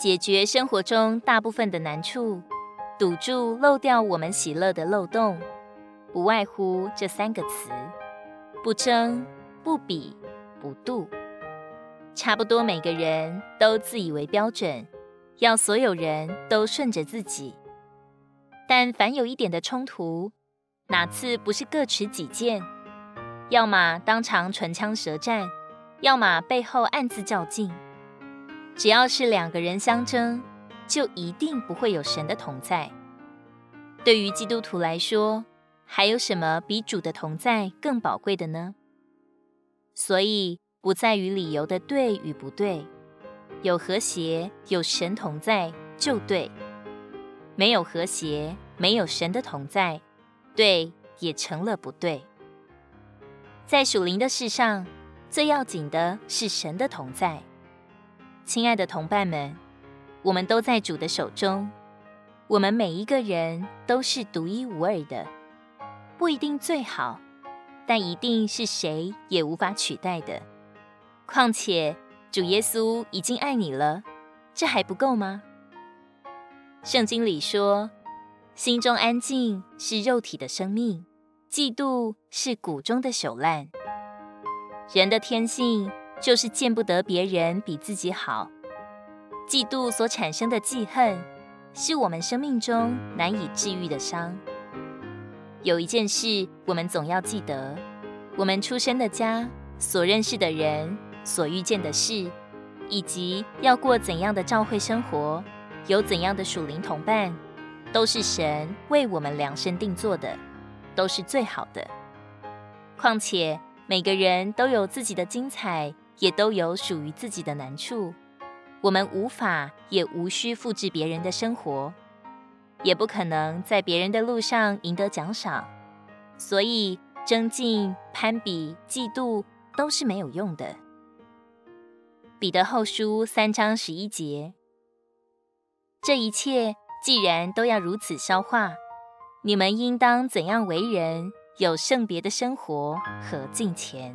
解決生活中大部分的難處，堵住漏掉我們喜樂的漏洞，不外乎這三個詞：不爭、不比、不妒。差不多每個人都自以為標準，要所有人都順着自己。但凡有一點的衝突，哪次不是各持己見？要麼當場唇槍舌戰，要麼背後暗自較勁。只要是兩個人相爭，就一定不會有神的同在。對於基督徒來說，還有什麼比主的同在更寶貴的呢？所以，不在於理由的對與不對，有和諧、有神同在就對；沒有和諧、沒有神的同在，對也成了不對。在屬靈的事上，最要緊的是神的同在。親愛的同伴們，我們都在主的手中。我們每一個人都是獨一無二的，不一定最好，但一定是誰也無法取代的。況且，主耶穌已經愛你了，這還不夠嗎？聖經裡說：“心中安靜是肉體的生命，嫉妒是骨中的朽爛。”人的天性。就是見不得別人比自己好，嫉妒所產生的嫉恨，是我們生命中難以治癒的傷。有一件事，我們總要記得：我們出生的家、所認識的人、所遇見的事，以及要過怎樣的教會生活，有怎樣的屬靈同伴，都是神為我們量身定做的，都是最好的。況且，每個人都有自己的精彩。也都有屬於自己的難處，我們無法也無需複製別人的生活，也不可能在別人的路上贏得獎賞，所以爭競、攀比、嫉妒都是沒有用的。彼得後書三章十一節，這一切既然都要如此銷化，你們應當怎樣為人，有聖別的生活和敬虔？